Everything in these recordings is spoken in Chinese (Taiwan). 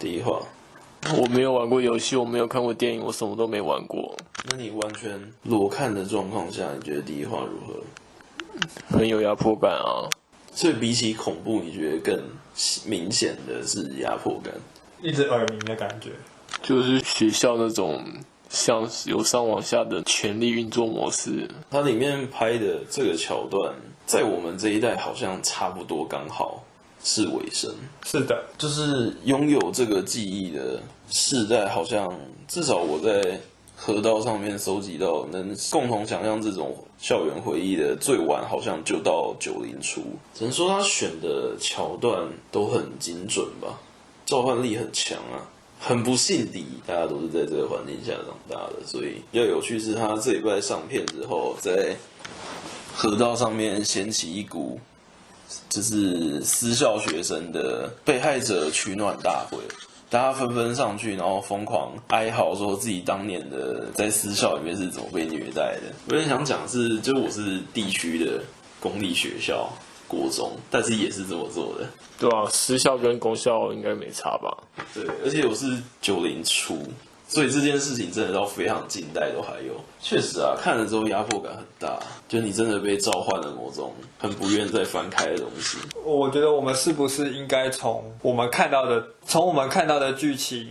第一話，我沒有玩過遊戲，我沒有看過電影，我什麼都沒玩過。那你完全裸看的狀況下，你覺得第一話如何？ 很有壓迫感啊！所以比起恐怖，你覺得更明顯的是壓迫感，一直耳鳴的感覺，就是學校那種像是由上往下的權力運作模式。它裡面拍的這個橋段，在我們這一代好像差不多剛好。是尾聲，是的，就是擁有這個記憶的世代，好像至少我在河道上面蒐集到能共同想象這種校園回憶的最晚，好像就到九零初。只能說他選的橋段都很精準吧，召喚力很強啊，很不幸地，大家都是在這個環境下長大的，所以要有趣是，他這禮拜上片之後，在河道上面掀起一股。就是私校學生的被害者取暖大會，大家紛紛上去，然後瘋狂哀嚎，說自己當年的在私校裡面是怎麼被虐待的。我有點想講是，就我是地區的公立學校國中，但是也是這麼做的。對啊，私校跟公校應該沒差吧？對，而且我是九零初。所以這件事情真的到非常近代，都還有。確實啊，看了之後壓迫感很大，就你真的被召喚了某種很不願意再翻開的東西。我覺得我們是不是應該從我們看到的，從我們看到的劇情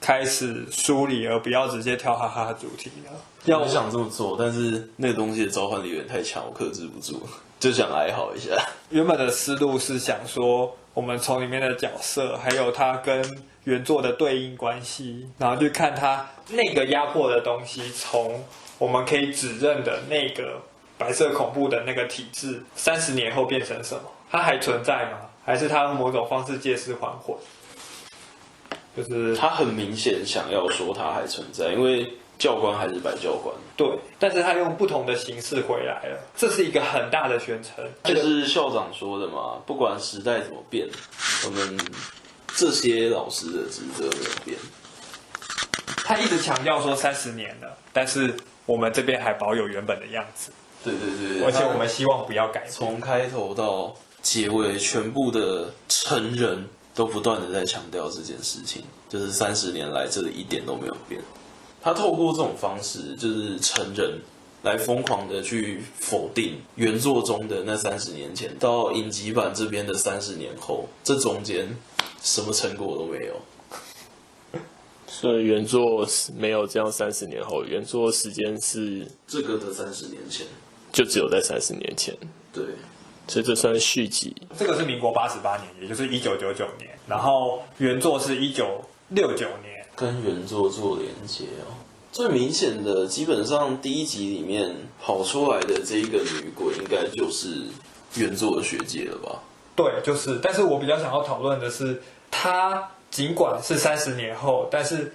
開始梳理，而不要直接跳哈哈的主題呢？我想這麼做，但是那個東西的召喚力有點太強，我克制不住，就想哀嚎一下。原本的思路是想說。我們從裡面的角色，還有他跟原作的對應關係，然後去看他那個壓迫的東西，從我們可以指認的那個白色恐怖的那個體制，三十年後變成什麼？它還存在嗎？還是它用某種方式借屍還魂？就是他很明顯想要說它還存在，因為。教官還是白教官，對，但是他用不同的形式回來了，這是一個很大的宣稱。就是校長說的嘛，不管時代怎麼變，我們這些老師的職責沒有變。他一直強調說三十年了，但是我們這邊還保有原本的樣子。對對對，而且我們希望不要改。從開頭到結尾，全部的成人都不斷的在強調這件事情，就是三十年來這裡一點都沒有變。他透過這種方式，就是成人來瘋狂的去否定原作中的那三十年前，到影集版這邊的三十年後，這中間什麼成果都沒有。所以原作是沒有這樣三十年後，原作時間是這個的三十年前，就只有在三十年前。對，所以這算續集。這個是民國八十八年，也就是一九九九年，然後原作是一九六九年。跟原作做連接哦，最明顯的基本上第一集裡面跑出來的這一個女鬼，應該就是原作的學姐了吧？對，就是。但是我比較想要討論的是，他儘管是三十年後，但是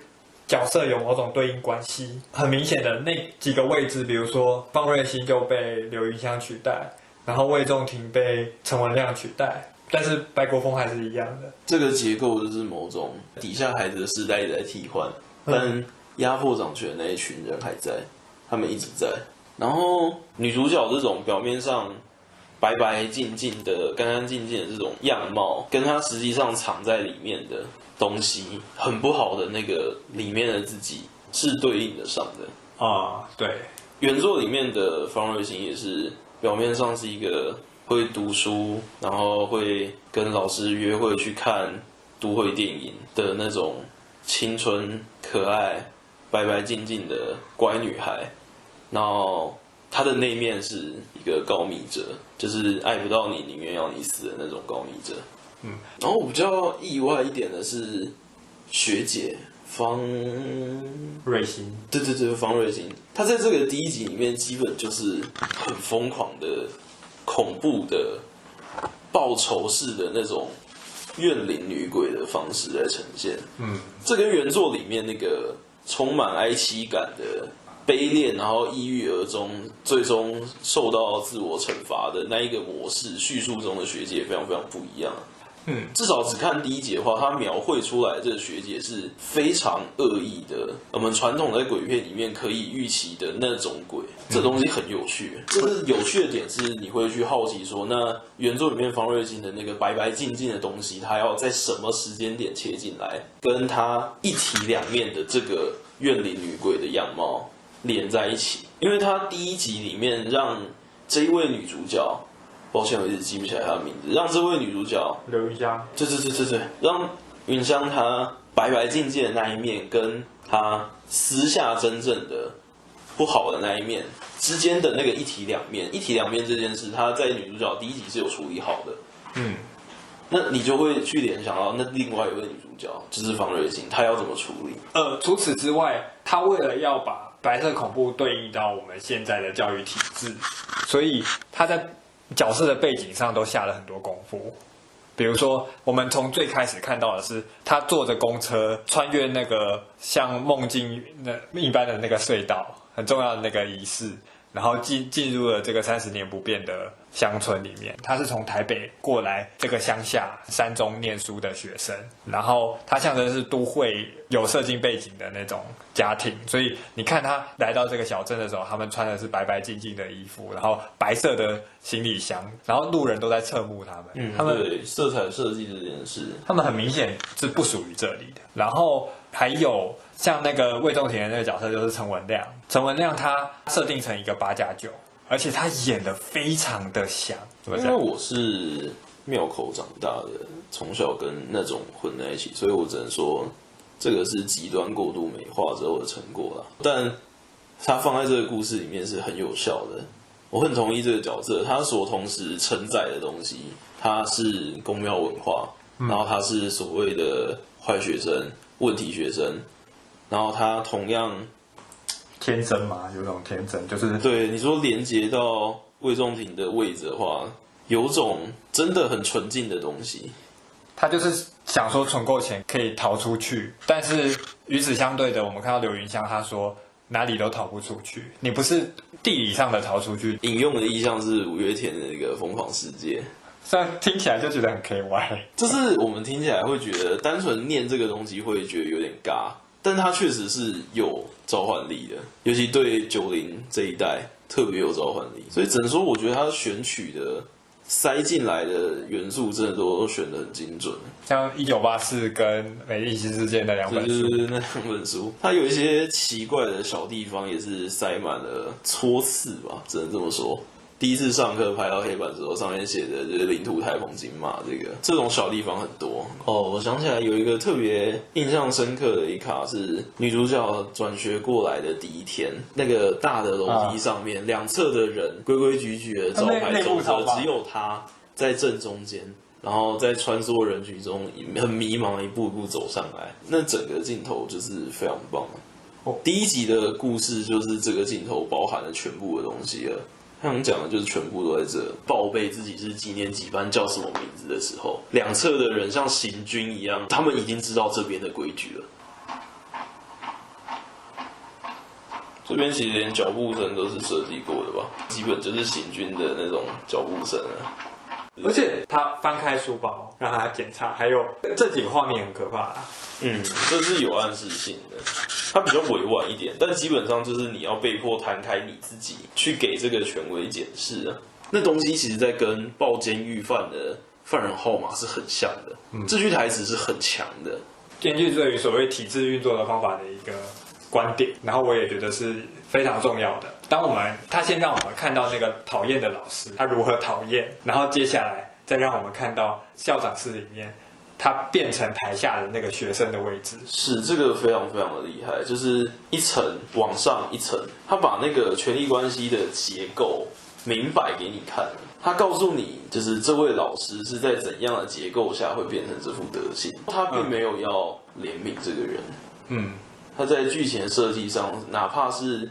角色有某種對應關係。很明顯的那幾個位置，比如說方芮欣就被劉芸香取代，然後魏仲廷被陳文亮取代。但是白國鋒還是一樣的，這個結構就是某種底下孩子的世代在替換，嗯，但壓迫掌權那一群人還在，他們一直在。然後女主角這種表面上白白淨淨的，乾乾淨淨的這種樣貌，跟她實際上藏在裡面的東西很不好的那個裡面的自己是對應的上的啊、哦。對，原作裡面的方芮欣也是表面上是一個。會讀書，然後會跟老師約會去看都會電影的那種青春可愛、白白淨淨的乖女孩。然後她的那一面是一個告密者，就是愛不到你寧願要你死的那種告密者。嗯。然後我比較意外一點的是，學姐方瑞欣，對對對，方瑞欣，她在這個第一集裡面基本就是很瘋狂的。恐怖的、報仇式的那種怨靈女鬼的方式來呈現，嗯，這跟、個、原作裡面那個充滿哀淒感的悲戀，然後抑鬱而終，最終受到自我懲罰的那一個模式敘述中的學姐非常非常不一樣。嗯，至少只看第一集的話，他描繪出來的這個學姐是非常惡意的。我們傳統在鬼片裡面可以預期的那種鬼、嗯，這東西很有趣。這個有趣的點是，你會去好奇說，那原作裡面方芮欣的那個白白淨淨的東西，他要在什麼時間點切進來，跟他一體兩面的這個怨靈女鬼的樣貌連在一起？因為他第一集裡面讓這一位女主角。抱歉，我一直記不起來她的名字。讓這位女主角劉芸香，對對對對對，讓芸香她白白淨淨的那一面，跟她私下真正的不好的那一面之間的那個一體兩面，一體兩面這件事，她在女主角第一集是有處理好的。嗯，那你就會去聯想到那另外一位女主角，就是方芮欣，她要怎麼處理？呃，除此之外，她為了要把白色恐怖對應到我們現在的教育體制，所以她在。角色的背景上都下了很多功夫，比如說，我們從最開始看到的是他坐着公車穿越那個像夢境那一般的那個隧道，很重要的那個儀式。然後進進入了這個三十年不變的鄉村裡面，他是從台北過來這個鄉下山中念書的學生，然後他象徵是都會有設計背景的那種家庭，所以你看他來到這個小鎮的時候，他們穿的是白白淨淨的衣服，然後白色的行李箱，然後路人都在側目他們，嗯，他們色彩設計這件事，他們很明顯是不屬於這裡的，然後。還有像那個魏仲廷那個角色，就是陳文亮。陳文亮他設定成一個八加九，而且他演得非常的像。因為我是廟口長大的，從小跟那種混在一起，所以我只能說，這個是極端過度美化之後的成果了。但他放在這個故事裡面是很有效的。我很同意這個角色，他所同時承載的東西，他是宮廟文化，嗯、然後他是所謂的壞學生。問題學生，然後他同樣天真嘛，有種天真，就是對你說連接到魏仲廷的位置的話，有種真的很純淨的東西。他就是想說存夠錢可以逃出去，但是與此相對的，我們看到劉雲香他說哪裡都逃不出去。你不是地理上的逃出去，引用的意象是五月天的那個《瘋狂世界》。但聽起來就覺得很 KY，就是我們聽起來會覺得單純念這個東西會覺得有點尬，但它確實是有召喚力的，尤其對九零這一代特別有召喚力。所以只能說，我覺得它選取的塞進來的元素，真的都選得很精準。像一九八四跟美麗新世界的兩本書，那兩本書，它有一些奇怪的小地方，也是塞滿了戳刺吧，只能這麼說。第一次上課拍到黑板的時候，上面寫的就是“領土台澎金馬”這個，這種小地方很多哦。我想起來有一個特別印象深刻的一卡，是女主角轉學過來的第一天，那個大的樓梯上面兩側、啊、的人規規矩矩的招牌走著，只有她在正中間、嗯，然後在穿梭人群中很迷茫，一步一步走上來。那整個鏡頭就是非常棒。哦，第一集的故事就是這個鏡頭包含了全部的東西了。他們講的就是全部都在這報備自己是幾年幾班叫什麼名字的時候，兩側的人像行軍一樣，他們已經知道這邊的規矩了。這邊其實連腳步聲都是設計過的吧，基本就是行軍的那種腳步聲啊。而且他翻開書包讓他檢查，還有這幾個畫面很可怕。嗯，這是有暗示性的，他比較委婉一點，但基本上就是你要被迫攤開你自己，去給這個權威解釋。啊。那東西其實在跟《暴監獄犯》的犯人號碼是很像的、嗯。這句台詞是很強的，根據對於所謂體制運作的方法的一個觀點。然後我也覺得是非常重要的。當我們他先讓我們看到那個討厭的老師，他如何討厭，然後接下來再讓我們看到校長室裡面。他變成台下的那個學生的位置，是這個非常非常的厲害，就是一層往上一層，他把那個權力關係的結構明擺給你看，他告訴你，就是這位老師是在怎樣的結構下會變成這副德行，他並沒有要憐憫這個人，嗯，他在劇情設計上，哪怕是。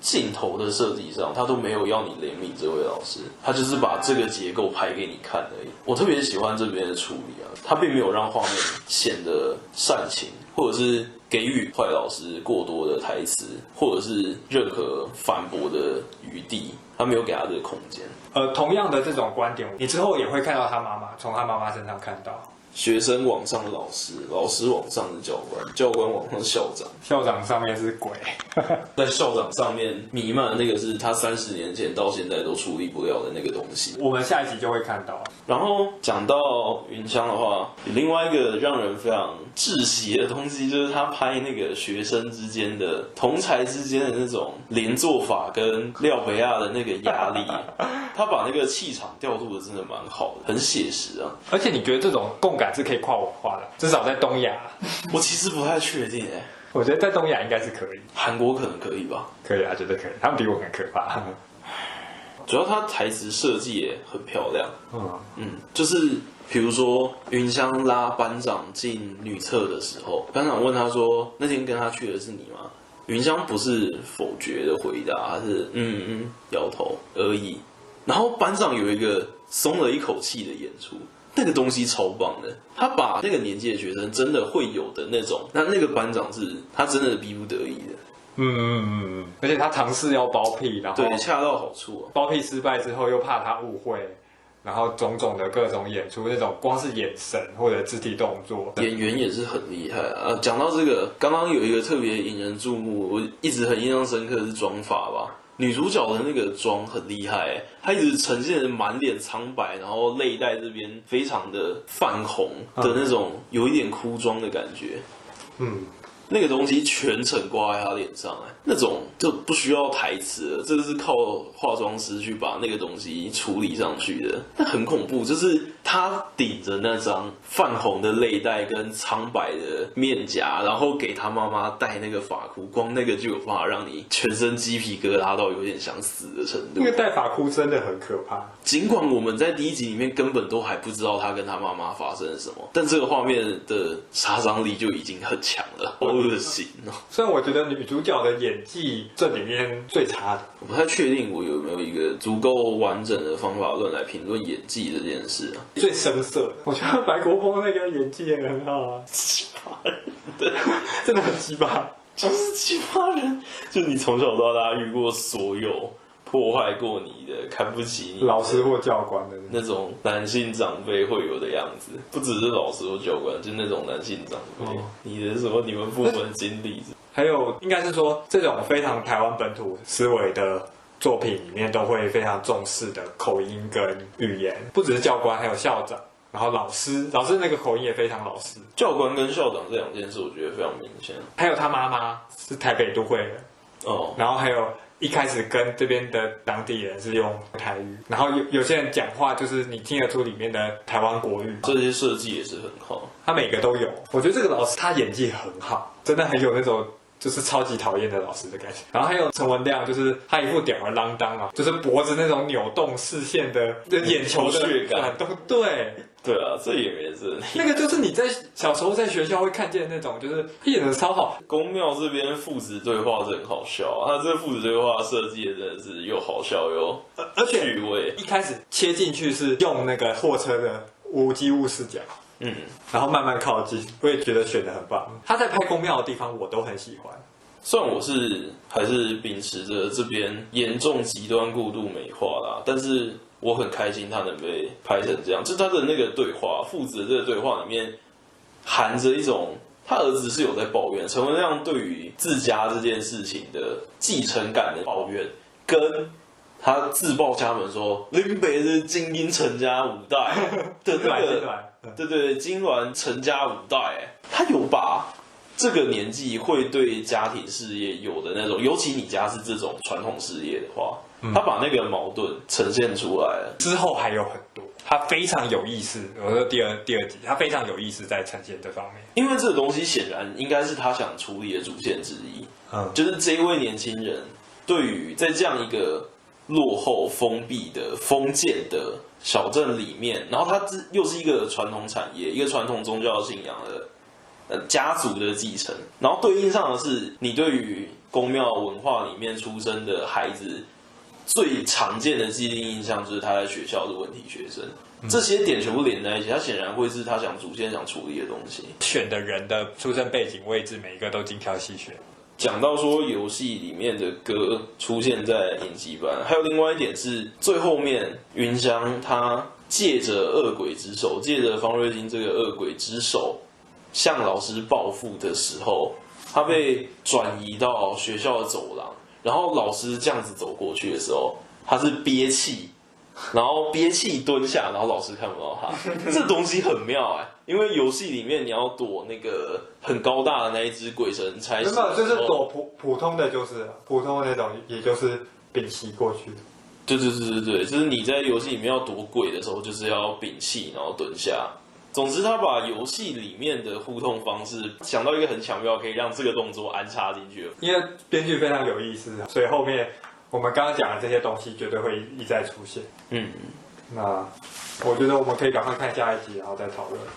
鏡頭的設計上，他都沒有要你憐憫這位老師，他就是把這個結構拍給你看而已。我特別喜歡這邊的處理啊，他並沒有讓畫面顯得煽情，或者是給予壞老師過多的台詞，或者是任何反駁的餘地，他沒有給他這個空間。呃，同樣的這種觀點，你之後也會看到他媽媽，從他媽媽身上看到。學生往上的老師，老師往上的教官，教官往上的校長， 校長上面是鬼， 在校長上面彌漫的那個是他三十年前到現在都處理不了的那個東西。我們下一集就會看到。然後講到芸香，的話，另外一個讓人非常。窒息的東西就是他拍那個學生之間的同儕之間的那種連坐法跟廖培亞的那個壓力，他把那個氣場調度的真的蠻好的，很寫實啊。而且你覺得這種共感是可以跨文化的，至少在東亞， 我其實不太確定耶。我覺得在東亞應該是可以，韓國可能可以吧，可以啊，絕對可以，他們比我還可怕。 主要他台詞設計也很漂亮，嗯嗯，就是比如說芸香拉班長進女廁的時候，班長問他說：“那天跟他去的是你嗎？”芸香不是否決的回答，他是嗯嗯搖頭而已。然後班長有一個鬆了一口氣的演出，那個東西超棒的，他把那個年紀的學生真的會有的那種，那那個班長是他真的是逼不得已的。嗯嗯嗯，而且他嘗試要包庇，然後對恰到好處啊。包庇失敗之後，又怕他誤會，然後種種的各種演出，那種光是眼神或者肢體動作，演員也是很厲害啊。講、啊、到這個，剛剛有一個特別引人注目，我一直很印象深刻的是妝髮吧。女主角的那個妝很厲害，欸，她一直呈現的滿臉蒼白，然後淚袋這邊非常的泛紅的那種，嗯、有一點哭妝的感覺。嗯。那個東西全程掛在他臉上，欸。那種就不需要台詞了，這個是靠化妝師去把那個東西處理上去的。那很恐怖，就是他頂着那張泛紅的淚袋跟蒼白的面頰，然後給他媽媽戴那個髮箍，光那個就有辦法讓你全身雞皮疙瘩到有點想死的程度。因為戴髮箍真的很可怕。儘管我們在第一集裡面根本都還不知道他跟他媽媽發生了什麼，但這個畫面的殺傷力就已經很強了，好噁心哦。雖然我覺得女主角的眼。演技這裡面最差的，我不太確定我有沒有一個足夠完整的方法論來評論演技這件事啊。最生澀的，我覺得白國鋒那個演技也很好啊。奇葩。對，真的很奇葩。就是奇葩人。就是你從小到大遇過所有破壞過你的、看不起你老師或教官的那種男性長輩會有的樣子，不只是老師或教官，就那種男性長輩、哦。你的什麼？你們部門經歷？還有，應該是說，這種非常台灣本土思維的作品裡面，都會非常重視的口音跟語言，不只是教官，還有校長，然後老師，老師那個口音也非常老師。教官跟校長這兩件事，我覺得非常明顯。還有他媽媽是台北都會人哦，然後還有一開始跟這邊的當地人是用台語，然後有有些人講話就是你聽得出裡面的台灣國語，這些設計也是很好。他每個都有，我覺得這個老師他演技很好，真的很有那種，就是超級討厭的老師的感覺，然後還有陳文亮，就是他一副吊兒郎當啊，就是脖子那種扭動、視線的、眼球的，感動。對對啊，這也沒事。那個就是你在小時候在學校會看見那種，就是他演的超好。宮廟這邊父子對話是很好笑啊，他這個父子對話設計的真的是又好笑又而且、啊啊、趣味、一開始切進去是用那個貨車的無機物視角。嗯，然後慢慢靠近，會覺得選的很棒。他在拍公廟的地方，我都很喜歡。雖然我是還是秉持着這邊嚴重極端過度美化啦，但是我很開心他能被拍成這樣。就他的那個對話，父子的這個對話裡面，含着一種他兒子是有在抱怨陳文亮對於自家這件事情的繼承感的抱怨，跟他自報家門說林北是精英陳家五代 的 對對對，對。嗯、對對，金鑾成家五代，他有把這個年紀會對家庭事業有的那種，尤其你家是這種傳統事業的話，嗯、他把那個矛盾呈現出來之後還有很多，他非常有意思。我說第二第二集他非常有意思，在呈現這方面，因為這個東西顯然應該是他想處理的主線之一，嗯、就是這一位年輕人對於在這樣一個落後封閉的封建的。小鎮裡面，然後它又是一個傳統產業，一個傳統宗教信仰的、呃、家族的繼承，然後對應上的是你對於宮廟文化裡面出生的孩子，最常見的既定印象就是他在學校的問題學生，這些點全部連在一起，他顯然會是他想逐漸想處理的東西，選的人的出生背景位置每一個都精挑細選。講到說遊戲裡面的歌出現在影集版，還有另外一點是最後面芸香他借着惡鬼之手，借着方芮欣這個惡鬼之手向老師報復的時候，他被轉移到學校的走廊，然後老師這樣子走過去的時候，他是憋氣，然後憋氣蹲下，然後老師看不到他。 這東西很妙哎、欸。因為遊戲裡面你要躲那個很高大的那一隻鬼，神才沒有，就是躲普普通的，就是普通的那種，也就是屏息過去。對對對對，就是你在遊戲裡面要躲鬼的時候，就是要屏息，然後蹲下。總之，他把遊戲裡面的互動方式想到一個很巧妙，可以讓這個動作安插進去。因為編劇非常有意思，所以後面我們剛剛講的這些東西絕對會一再出現。嗯，那我覺得我們可以趕快看下一集，然後再討論。